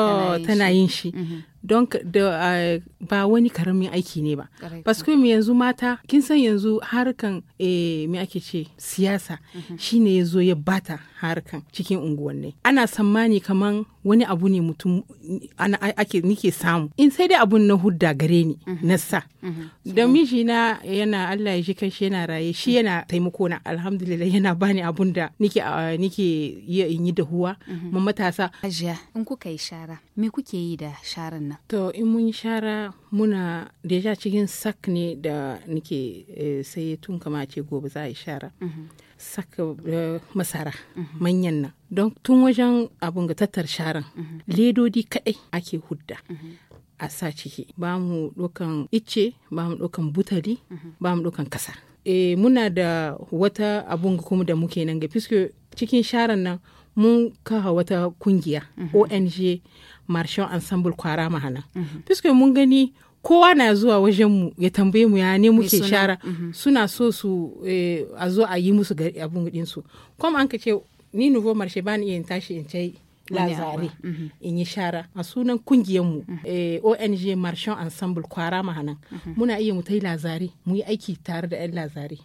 tana yin shi mhm. don da ba wani karamin aiki ne ba paske mu yanzu mata kin san yanzu harkan e, me ake ce siyasa shine ya zo ya bata harkan cikin unguwanni ana sammani kaman wani abu ne mutum ake nike samu in sai dai abun na hudda gare ni na sa da mijina yana Allah ya shi shi yana raye shi yana taimako na alhamdulillah yana bani abun da nike nike yi yi da dahuwa mu mhm. matasa ajiya in kuka yi shara me kuke yi da sharan nan to in mun shara muna ya cikin sak ne da nike eh, sai tun kama ce gobe za a yi shara mhm. sak eh, masara mhm. manyan nan don tun wajen abun ga tattar sharan ledodi kadai ake hudda a sa ciki ba mu ɗaukan icce ba mu ɗaukan butali ba mu ɗaukan kasa e, muna da wata abun kuma da muke nan ga fiske cikin sharan nan mun kaha wata kungiya mm -hmm. ong marshal ensemble kwara mahana mm -hmm. fiske mun gani kowa na zuwa wajenmu ya tambaye mu ya ne muke shara mm -hmm. suna so su e, a zo a yi musu abun ɗinsu kuma an ka ce ni nuvo marshe ba ni iya tashi in ce lazare mhm. in yi shara a sunan kungiyarmu mhm. eh, ong marchand ensemble kwara mahanan mhm. muna iya mutai lazare mu yi aiki tare da 'yan lazare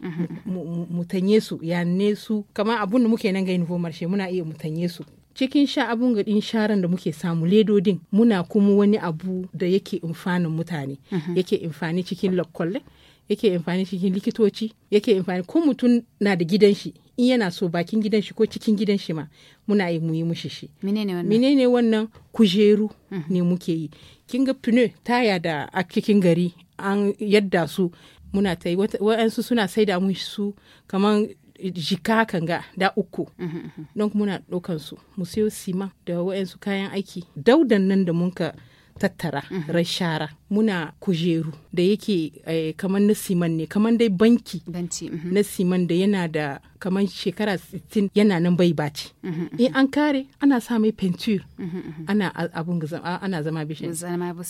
mu tanye su ne su kamar abun da muke nan ga yin marshe muna iya mu tanye su cikin sha abun din sharan da muke samu ledodin muna kuma wani abu da yake imfanin mutane yake imfani cikin lokkolle yake amfani cikin likitoci yake amfani ko mutum na da gidan shi in yana so bakin gidan shi ko cikin gidan shi ma muna yi mu yi mushi shi menene wannan kujeru mhm. ne muke yi kin ga pune taya da a cikin gari an yadda su muna ta yi wa'ansu suna saida mun su kamar jika kan ga da uku mhm, mhm. don muna ɗaukan su mu siyo sima da wa'ansu kayan aiki daudan nan da mun ka tattara mhm. rashara muna kujeru da yake eh, kamar na siman ne kamar dai banki mm -hmm. na siman da yana da kamar shekara 60 yana nan bai baci mhm, mhm. in mm -hmm, an kare ana sa mai pentur mm -hmm, ana abun ana zama bishin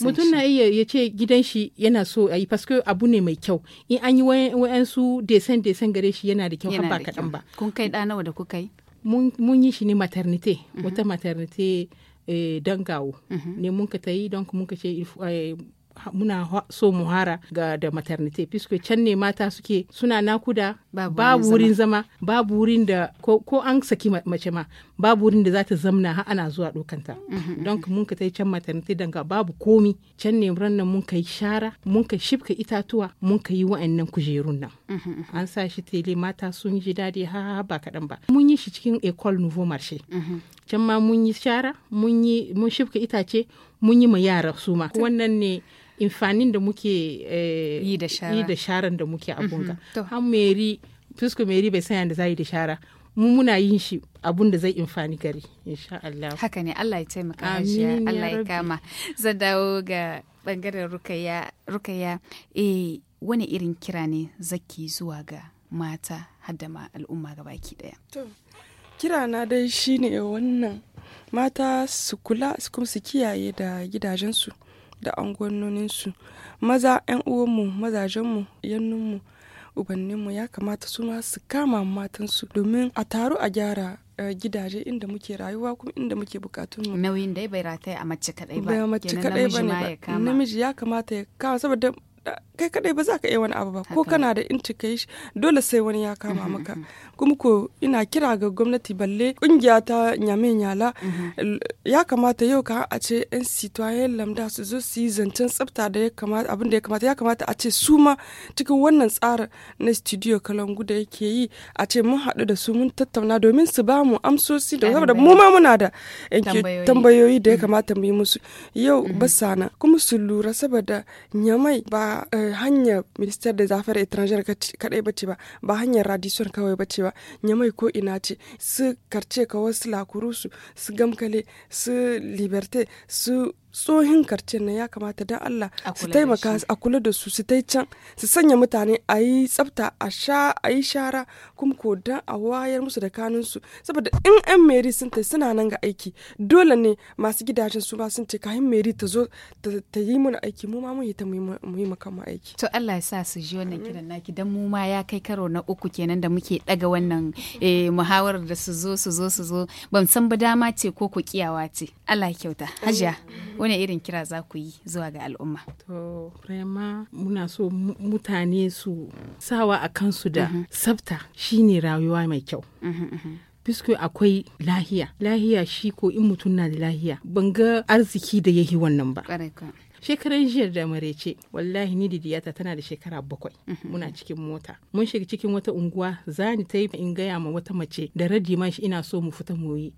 mutum na iya ya ce gidan shi yana so a yi paske abu ne mai kyau in an yi wayansu desen desen gare shi yana da kyau har ba kaɗan ba kun kai ɗa nawa da kuka yi mun yi shi ne maternity wata maternity Eh, dangawo mhm. ne mun ka ta yi don mun ka ce eh, muna so mu hara ga da maternity puisque can ne mata suke suna nakuda babu wurin zama babu wurin da ko, an saki mace ma babu wurin da za ta zamna har ana zuwa dokanta mm -hmm. don mun ka tai can maternity danga babu komi can ne ran nan mun kai shara mun ka shifka itatuwa mun ka yi wa'annan kujerun nan mm-hmm, mm-hmm. an sa shi tele mata sun ji dadi ha ba kaɗan ba mun yi shi cikin ecole nouveau marché mm-hmm. can ma mun yi shara mun yi mun shifka itace mun yi ma yara suma. ma wannan ne infanin da muke eh, yi da sharan da muke abunga mhm. han meri fusko meri bai san yadda za yi da shara mu muna yin shi abun da zai imfani gari insha Allah haka ne Allah ya taimaka shi Allah ya kama zan dawo ga bangaren rukaya rukaya eh wani irin kira ne zaki zuwa ga mata hadda ma al'umma gabaki daya to kira na dai shine wannan mata su kula su kuma su kiyaye da gidajensu da angwannoninsu maza 'yan uwanmu mazajenmu yannunmu ubanninmu ya kamata su ma su kama matansu domin a taru a gyara eh, gidaje inda muke rayuwa kuma inda muke bukatun mu nauyin dai bai rataye a mace kadai ba namiji ya kamata ya kama saboda kai kadai ba za ka iya wani abu ba ko kana da inci dole sai wani ya kama mm-hmm, maka mm-hmm. kuma ko ina kira ga gwamnati balle kungiya ta nyame nyala mm-hmm. ya kamata yau ka a ce yan citoyen lamda su zo su yi zancen tsafta da ya kamata abin da ya kamata ya kamata a ce su ma cikin wannan tsara na studio kalangu da yake yi a ce mun haɗu da su mun tattauna domin su bamu mu amsosi da saboda mu ma muna da tambayoyi da ya kamata mu yi musu yau basana kuma su lura saboda nyamai ba eh, hanyar ministar da zafar étrangère kadai bace ba ba hanyar radison kawai bace ba nyamai ko ina ce su karce ka wasu lakuru su gamkale su liberté su tsohin karce na ya kamata don Allah su taimaka a kula da su su ta can su sanya mutane a yi tsafta a sha a yi shara kuma ko don a wayar musu da kanunsu saboda in yan meri sun ta suna nan ga aiki dole ne masu gidajen su ba sun ce kayan meri ta zo ta yi mana aiki mu ma mun yi ta mu yi mu aiki. To Allah ya sa su ji wannan kiran naki dan mu ma ya kai karo na uku kenan da muke daga wannan eh, muhawarar da su zo su zo su zo ban san ba dama ce ko ku kiyawa ce Allah ya kyauta hajiya wani irin kira za ku yi zuwa ga al'umma to rema muna so mutane su sawa a kansu da mhm. shi shine rayuwa mai kyau biskui mhm, mhm. akwai lahiya lahiya shi ko in mutum na da lahiya ban ga arziki da yahi wannan ba shekaran jiya da marece wallahi ni da diyata tana da shekara bakwai muna cikin mota mun shiga cikin wata unguwa zani ta yi in gaya ma wata mace da radi ma shi ina so mu fita mu yi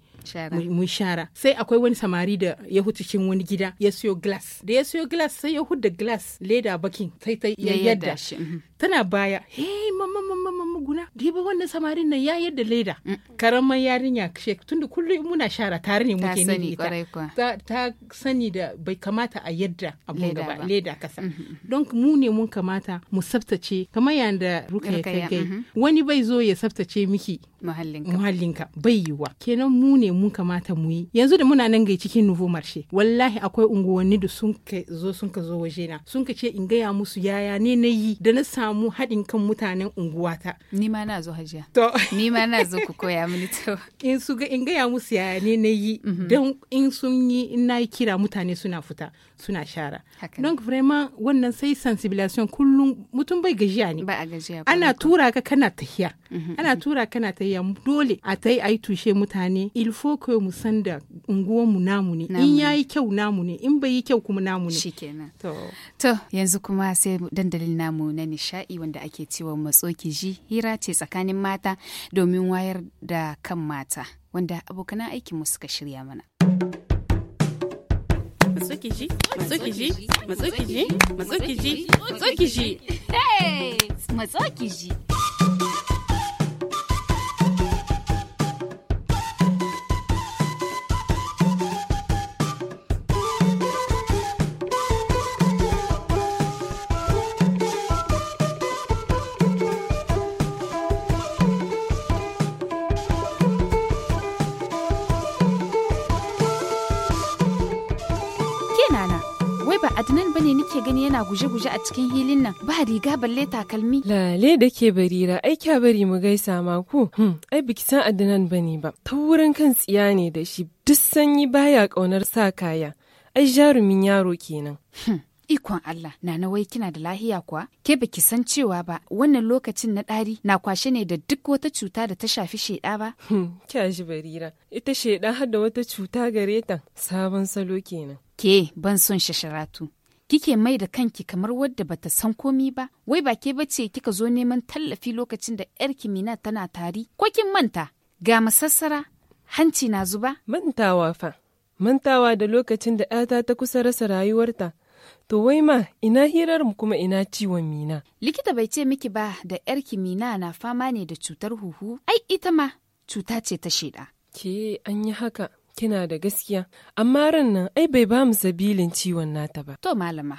mu shara sai akwai wani samari da ya hutu cikin wani gida ya siyo glass da ya siyo glass sai ya huda glass leda bakin sai ta ya yadda mhm. tana baya hey mama mama mama guna ba wannan samarin nan ya yadda leda mm. karaman yarinya shek tunda kullum muna shara tare ne muke ne ta ta sani da bai kamata a yadda abun gaba leda kasa mm-hmm, mm-hmm. don mu ne mun kamata mu tsaftace kamar yanda ruka ya kai wani bai zo ya tsaftace miki muhallinka bai yiwa kenan mu ne ne mun kamata mu yi yanzu da muna nan gai cikin nuvo marshe wallahi akwai unguwanni da sun ka zo sun ka zo waje na sun ka ce in gaya musu yaya ne na yi da na samu haɗin kan mutanen unguwata ni ma na zo hajiya to ni ma na zo ku koya mini to in su ga in gaya musu yaya ne na yi mhm. don in sun yi in na yi kira mutane suna fita suna shara don vraiment wannan sai sensibilisation kullum mutum bai gajiya ne ba a gajiya ana tura ka kana tahiya mhm, ana mhm. tura kana tahiya dole a tai yi tushe mutane il fo ko mu san da unguwar mu namu ne in yayi kyau namu ne in bai yi kyau kuma namu ne shikenan to to yanzu kuma sai dandalin namu na nishai wanda ake cewa matsokiji hira ce tsakanin mata domin wayar da kan mata wanda abokan aikin mu suka shirya mana matsokiji matsokiji matsokiji matsokiji matsukiji matsokiji. wani yana guje-guje a cikin hilin nan ba riga balle takalmi. Lale da ke barira ai kya bari mu gaisa ma ku. Hmm, ai biki san ba bane ba. Ta wurin kan tsiya ne da shi duk sanyi baya kaunar sa kaya. Ai jarumin yaro kenan. Hmm, ikon Allah, na nawai kina da lahiya kuwa? Ke baki san cewa ba, wannan lokacin na ɗari na kwashe ne da duk wata cuta da ta shafi sheɗa ba? Hmm, kya shi barira, ita sheɗa har da wata cuta gare ta, sabon salo kenan. Ke, ban son shasharatu. kike mai da kanki kamar wadda bata san komi ba wai ba ke bace kika zo neman tallafi lokacin da yar kimina tana tari ko kin manta ga masassara hanci na zuba mantawa fa mantawa da lokacin da ƴata ta kusa rasa rayuwarta to wai ma ina hirar mu kuma ina ciwon mina likita bai ce miki ba da yar kimina na fama ne da cutar huhu ai ita ma cuta ce ta shida ke an yi haka Kina da gaskiya, amma ran nan ai bai ba mu sabilin ciwon nata ba. To malama,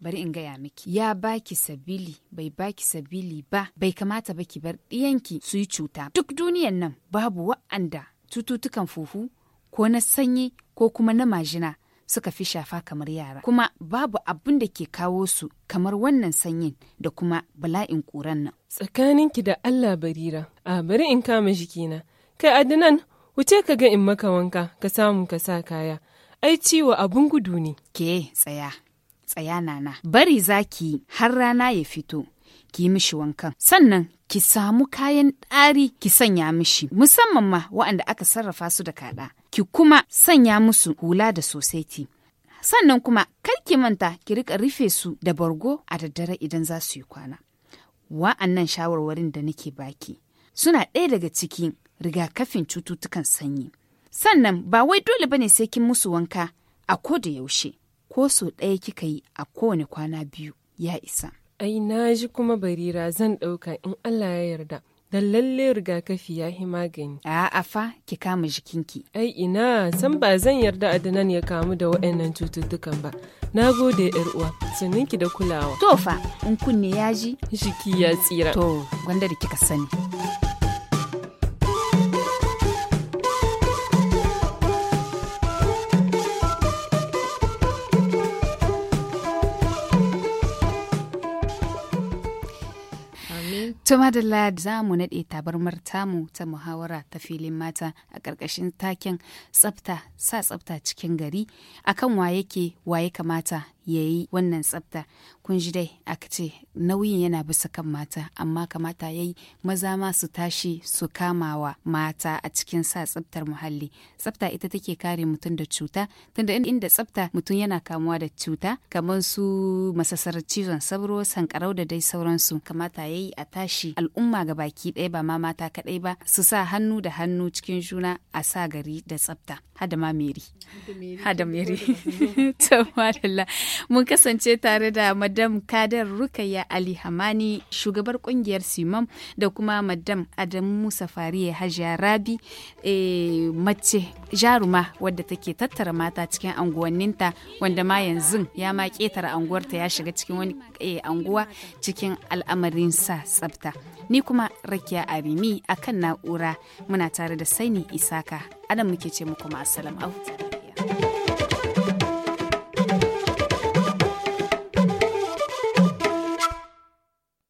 bari in gaya miki ya baki sabili bai baki sabili ba bai kamata ba ki bar ɗiyanki su yi cuta duk duniyan nan babu wa'anda cututtukan fufu ko na sanyi ko kuma na majina suka fi shafa kamar yara kuma babu abin da ke kawo su kamar wannan sanyin da kuma bala'in ƙuran nan tsakaninki da allah barira a bari in kama jikina kai adinan Wuce ka ga in maka wanka ka samu ka sa kaya. Ai ciwo abun gudu ne. Ke tsaya, tsaya nana. Bari zaki har rana ya fito. Ki mishi wankan. Sannan ki samu kayan ɗari ki sanya mishi musamman ma wa'anda aka sarrafa su da kaɗa. Ki kuma sanya musu hula da sosaiti. sannan kuma kar ki manta ki rika rufe su da bargo a daddare idan za su yi kwana. Wa'annan shawarwarin da nake baki suna ɗaya daga cikin rigakafin cututtukan sanyi. Sannan ba wai dole bane sai kin musu wanka a ko da yaushe, ko so ɗaya kika yi a kowane kwana biyu ya isa. Ai na ji kuma barira zan ɗauka in Allah ya yarda. da lalle rigakafi ya yi magani. A'a fa ki kama jikinki. Ai ina san ba zan yarda Adnan ya kamu da waɗannan cututtukan ba. Na gode yar uwa, sannin da kulawa. To fa, in kunne ya ji? Jiki ya tsira. To, gwanda da kika sani. da lad za mu naɗe tabarmar tamu ta muhawara ta filin mata a ƙarƙashin taken tsafta sa tsafta cikin gari akan wa yake wa ya kamata ya yi wannan tsafta kun ji dai aka ce nauyin yana bisa kan mata amma kamata ya yi maza ma su tashi su kamawa mata a cikin sa tsaftar muhalli tsafta ita take kare mutum da cuta tunda inda tsafta mutum yana kamuwa da cuta kamar su masasar cizon sauro sankarau da dai sauransu kamata ya yi a tashi al'umma ga baki ɗaya ba ma mata kaɗai ba su sa hannu da hannu cikin juna a sa gari da tsafta hada ma meri hada meri Mun kasance tare da Madam Kadar Rukayya Ali Hamani, shugabar kungiyar Simam da kuma Madam adam Musa Fariya Hajiya Rabi, e, mace jaruma wadda take tattara mata cikin anguwanninta wanda ma yanzu ya ma ketara anguwarta ya shiga cikin wani e, anguwa cikin al'amarin sa tsafta. Ni kuma Rakiya Arimi kan na'ura muna tare da Saini Isaka. adam muke ce muku ma a huta